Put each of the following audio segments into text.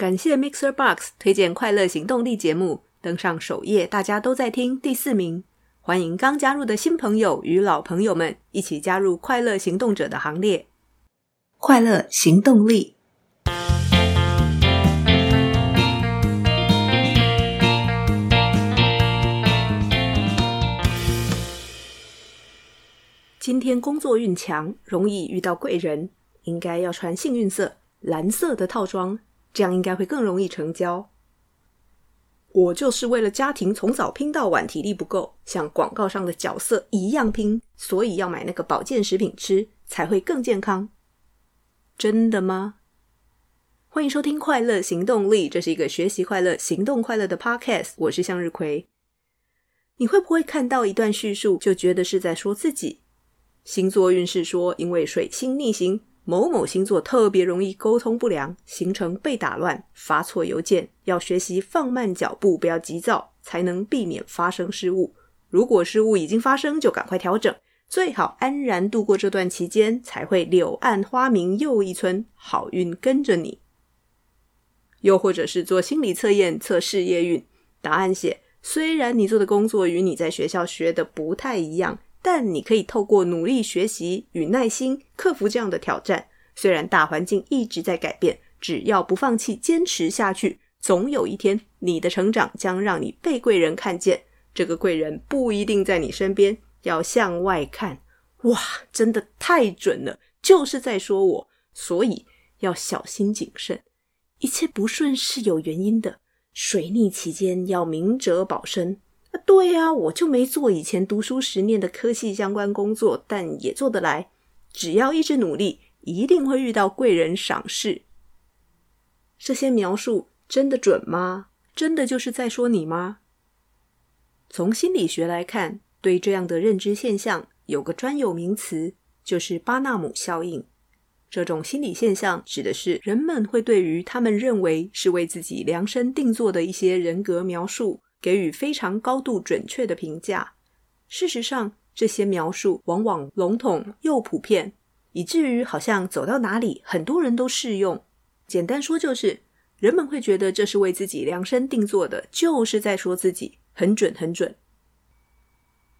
感謝 MixerBox 推薦《快樂行動力》節目登上首頁，大家都在聽第四名。歡迎剛加入的新朋友與老朋友們一起加入快樂行動者的行列。快樂行動力。今天工作運強，容易遇到貴人，應該要穿幸運色，藍色的套裝。這樣應該會更容易成交。我就是為了家庭從早拼到晚，體力不夠，像廣告上的角色一樣拼，所以要買那個保健食品吃才會更健康。真的嗎？歡迎收聽《快樂行動力》，這是一個學習快樂、行動快樂的 podcast。我是向日葵。你會不會看到一段敘述就覺得是在說自己？星座運勢說，因為水星逆行。某某星座特別容易溝通不良，行程被打亂，發錯郵件，要學習放慢腳步，不要急躁，才能避免發生失誤。如果失誤已經發生，就趕快調整，最好安然度過這段期間，才會柳暗花明又一村，好運跟着你。又或者是做心理測驗測事業運，答案寫：雖然你做的工作與你在學校學的不太一樣。但你可以透過努力學習與耐心克服這樣的挑戰。雖然大環境一直在改變，只要不放棄，堅持下去，總有一天你的成長將讓你被貴人看見。這個貴人不一定在你身邊，要向外看。哇，真的太準了，就是在說我，所以要小心謹慎。一切不順是有原因的，水逆期間要明哲保身。對呀、啊，我就沒做以前讀書十年的科技相關工作，但也做得來。只要一直努力，一定會遇到貴人賞識。這些描述真的準嗎？真的就是在說你嗎？從心理學來看，對這樣的認知現象有個專有名詞，就是巴納姆效應。這種心理現象指的是人們會對於他們認為是為自己量身定做的一些人格描述，給予非常高度準確的評價。事實上，這些描述往往籠統又普遍，以至於好像走到哪裡很多人都適用。簡單說，就是人們會覺得這是為自己量身定做的，就是在說自己很準、很準。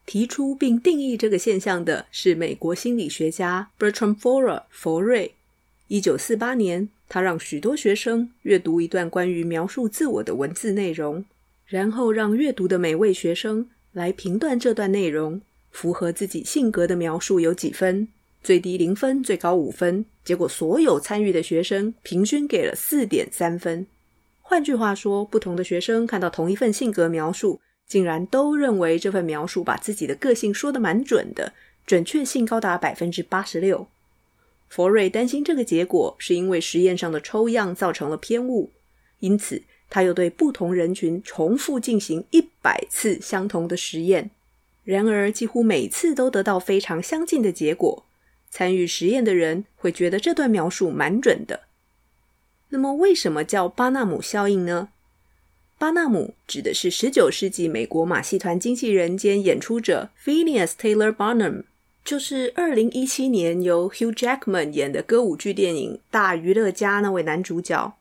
提出並定義這個現象的是美國心理學家 Bertram Forer（ 佛瑞）。一九四八年，他讓許多學生閱讀一段關於描述自我的文字內容。然後讓閱讀的每位學生來評斷這段內容符合自己性格的描述有幾分，最低零分，最高五分。結果所有參與的學生平均給了四點三分。換句話說，不同的學生看到同一份性格描述，竟然都認為這份描述把自己的個性說得蠻準的，準確性高達百分之八十六。佛瑞擔心這個結果是因為實驗上的抽樣造成了偏誤，因此，他又對不同人群重複進行一百次相同的實驗，然而幾乎每次都得到非常相近的結果。參與實驗的人會覺得這段描述蠻準的。那麼，為什麼叫巴納姆效應呢？巴納姆指的是十九世紀美國馬戲團經紀人兼演出者 Phineas Taylor Barnum，、bon、就是二零一七年由 Hugh Jackman 演的歌舞劇電影《大娛樂家》那位男主角。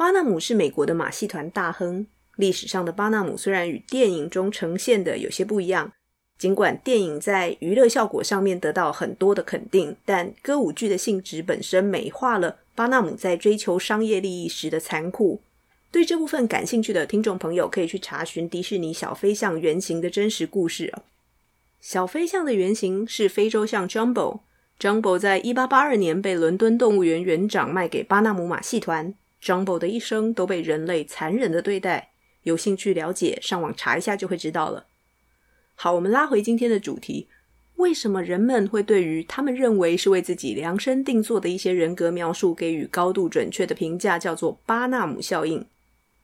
巴納姆是美國的馬戲團大亨。歷史上的巴納姆雖然與電影中呈現的有些不一樣，儘管電影在娛樂效果上面得到很多的肯定，但歌舞劇的性質本身美化了巴納姆在追求商業利益時的殘酷。對這部分感興趣的聽眾朋友，可以去查詢迪士尼小飛象原型的真實故事。小飛象的原型是非洲象 Jumbo，Jumbo、um、在一八八二年被倫敦動物園園長賣給巴納姆馬戲團。Jumbo 的一生都被人類殘忍的對待，有興趣了解，上網查一下就會知道了。好，我們拉回今天的主題，為什麼人們會對於他們認為是為自己量身定做的一些人格描述給予高度準確的評價，叫做巴納姆效應。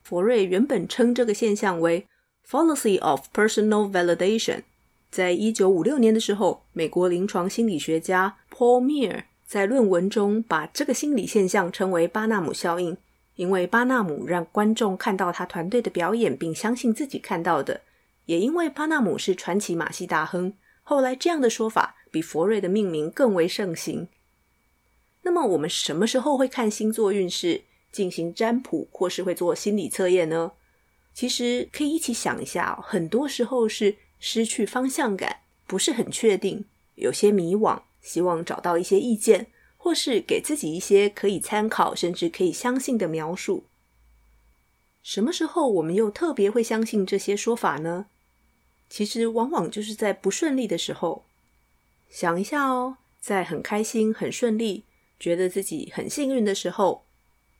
佛瑞原本稱這個現象為 “Fallacy of Personal Validation”。在一九五六年的時候，美國臨床心理學家 Paul Meehl 在論文中把這個心理現象稱為巴納姆效應。因為巴納姆讓觀眾看到他團隊的表演，並相信自己看到的，也因為巴納姆是傳奇馬戲大亨，後來這樣的說法比佛瑞的命名更為盛行。那麼我們什麼時候會看星座運勢、進行占卜，或是會做心理測驗呢？其實可以一起想一下，很多時候是失去方向感，不是很確定，有些迷惘，希望找到一些意見。或是給自己一些可以參考，甚至可以相信的描述。什麼時候我們又特別會相信這些說法呢？其實往往就是在不順利的時候。想一下哦，在很開心、很順利、覺得自己很幸運的時候，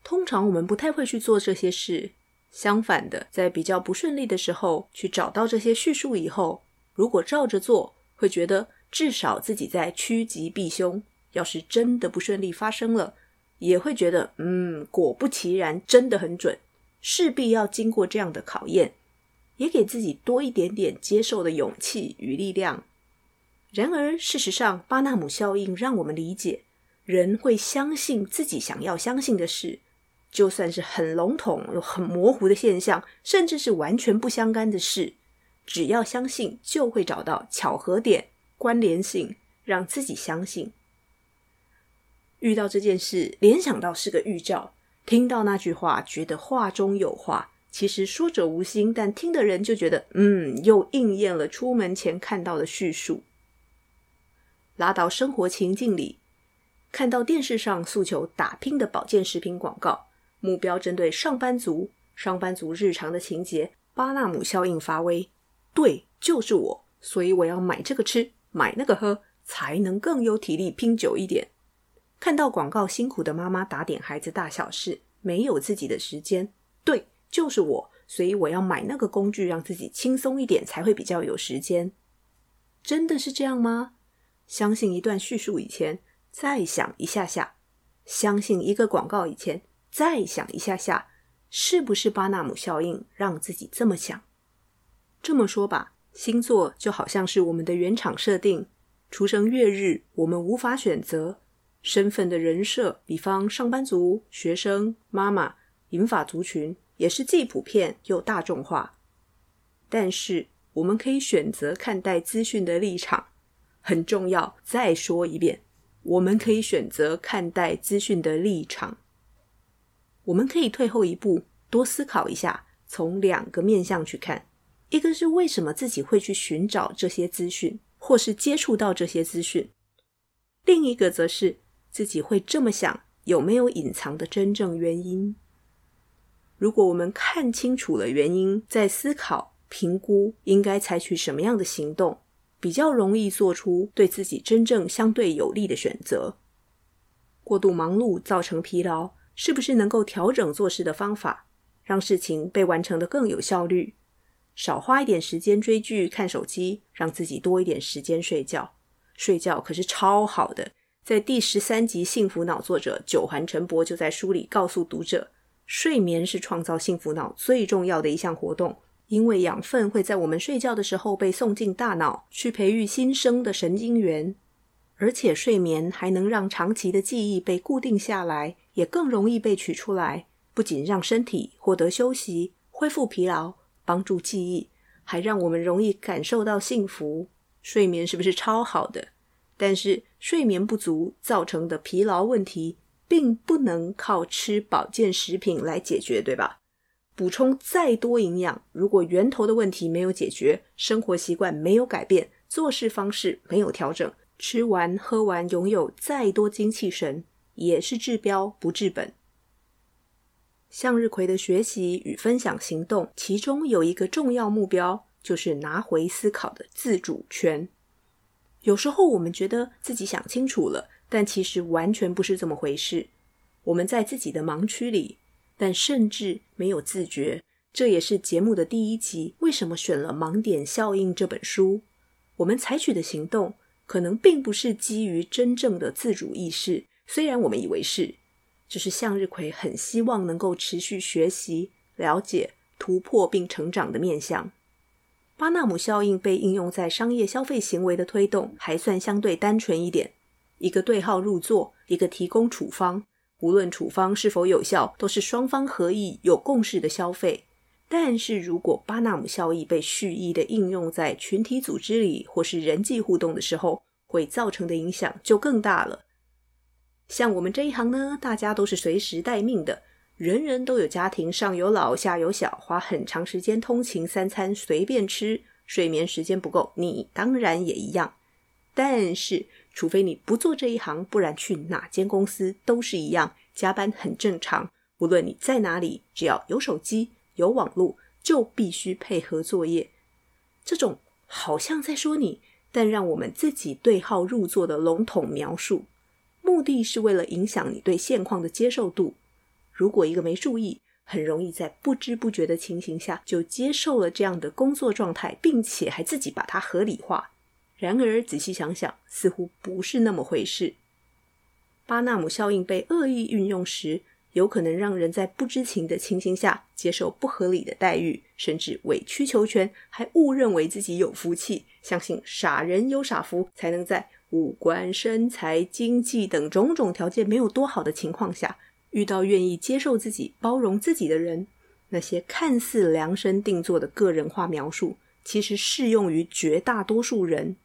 通常我們不太會去做這些事。相反的，在比較不順利的時候，去找到這些敘述以後，如果照着做，會覺得至少自己在趨吉避凶。要是真的不順利發生了，也會覺得，嗯，果不其然，真的很準，勢必要經過這樣的考驗，也給自己多一點點接受的勇氣與力量。然而，事實上，巴納姆效應讓我們理解，人會相信自己想要相信的事，就算是很籠統、很模糊的現象，甚至是完全不相干的事，只要相信，就會找到巧合點、關聯性，讓自己相信。遇到這件事，聯想到是個預兆；聽到那句話，覺得話中有話。其實說者無心，但聽的人就覺得，嗯，又應驗了出門前看到的敘述。拉到生活情境裡，看到電視上訴求打拼的保健食品廣告，目標針對上班族。上班族日常的情節，巴納姆效應發威。對，就是我，所以我要買這個吃，買那個喝，才能更有體力拼久一點。看到廣告，辛苦的媽媽打點孩子大小事，沒有自己的時間。對，就是我，所以我要買那個工具，讓自己輕鬆一點，才會比較有時間。真的是這樣嗎？相信一段敘述以前，再想一下下；相信一個廣告以前，再想一下下，是不是巴納姆效應讓自己這麼想？這麼說吧，星座就好像是我們的原廠設定，出生月日我們無法選擇。身份的人設，比方上班族、學生、媽媽、銀髮族群，也是既普遍又大眾化。但是，我們可以選擇看待資訊的立場。很重要。再說一遍，我們可以選擇看待資訊的立場。我們可以退後一步，多思考一下，從兩個面向去看：一個是為什麼自己會去尋找這些資訊，或是接觸到這些資訊；另一個則是。自己會這麼想，有沒有隱藏的真正原因？如果我們看清楚了原因，再思考、評估應該採取什麼樣的行動，比較容易做出對自己真正相對有利的選擇。過度忙碌造成疲勞，是不是能夠調整做事的方法，讓事情被完成得更有效率？少花一點時間追劇、看手機，讓自己多一點時間睡覺。睡覺可是超好的。在第十三集《幸福腦》，作者久恆辰博就在書裡告訴讀者，睡眠是創造幸福腦最重要的一項活動，因為養分會在我們睡覺的時候被送進大腦，去培育新生的神經元，而且睡眠還能讓長期的記憶被固定下來，也更容易被取出來。不僅讓身體獲得休息、恢復疲勞、幫助記憶，還讓我們容易感受到幸福。睡眠是不是超好的？但是睡眠不足造成的疲勞問題，並不能靠吃保健食品來解決，對吧？補充再多營養，如果源頭的問題沒有解決，生活習慣沒有改變，做事方式沒有調整，吃完喝完，擁有再多精氣神，也是治標不治本。向日葵的學習與分享行動，其中有一個重要目標，就是拿回思考的自主權。有時候我們覺得自己想清楚了，但其實完全不是這麼回事。我們在自己的盲區裡，但甚至沒有自覺。這也是節目的第一集為什麼選了《盲點效應》這本書。我們採取的行動可能並不是基於真正的自主意識。雖然我們以為是。這是向日葵很希望能夠持續學習、了解、突破並成長的面向。巴納姆效應被應用在商業消費行為的推動，還算相對單純一點。一個對號入座，一個提供處方，無論處方是否有效，都是雙方合意、有共識的消費。但是如果巴納姆效應被蓄意的應用在群體組織裡或是人際互動的時候，會造成的影響就更大了。像我們這一行呢，大家都是隨時待命的。人人都有家庭，上有老下有小，花很長時間通勤，三餐隨便吃，睡眠時間不夠。你當然也一樣。但是，除非你不做這一行，不然去哪間公司都是一樣，加班很正常。無論你在哪裡，只要有手機、有網絡，就必須配合作業。這種好像在說你，但讓我們自己對號入座的籠統描述，目的是為了影響你對現況的接受度。如果一個沒注意，很容易在不知不覺的情形下就接受了這樣的工作狀態，並且還自己把它合理化。然而，仔細想想，似乎不是那麼回事。巴納姆效應被惡意運用時，有可能讓人在不知情的情形下接受不合理的待遇，甚至委曲求全，還誤認為自己有福氣，相信傻人有傻福，才能在五官、身材、經濟等種種條件沒有多好的情況下，遇到願意接受自己、包容自己的人，那些看似量身定做的個人化描述，其實適用於絕大多數人。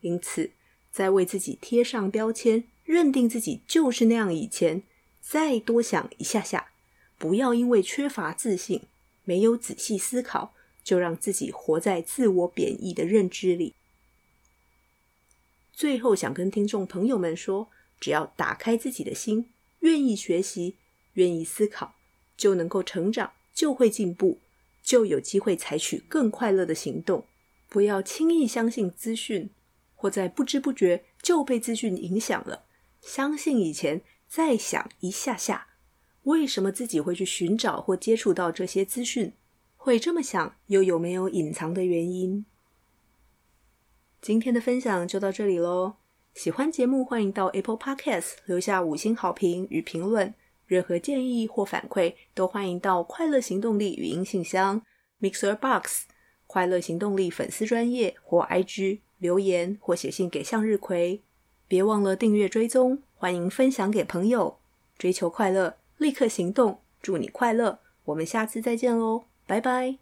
因此，在為自己貼上標籤、認定自己就是那樣以前，再多想一下下，不要因為缺乏自信、沒有仔細思考，就讓自己活在自我貶義的認知裡。最後，想跟聽眾朋友們說，只要打開自己的心。願意學習，願意思考，就能夠成長，就會進步，就有機會採取更快樂的行動。不要輕易相信資訊，或在不知不覺就被資訊影響了。相信以前，再想一下下，為什麼自己會去尋找或接觸到這些資訊，會這麼想，又有沒有隱藏的原因？今天的分享就到這裡嘍。喜歡節目，歡迎到 Apple Podcast 留下五星好評與評論。任何建議或反饋，都歡迎到快樂行動力語音信箱 Mixer Box、快樂行動力粉絲專頁或 IG 留言或寫信給向日葵。別忘了訂閱追蹤，歡迎分享給朋友。追求快樂，立刻行動。祝你快樂，我們下次再見哦，拜拜。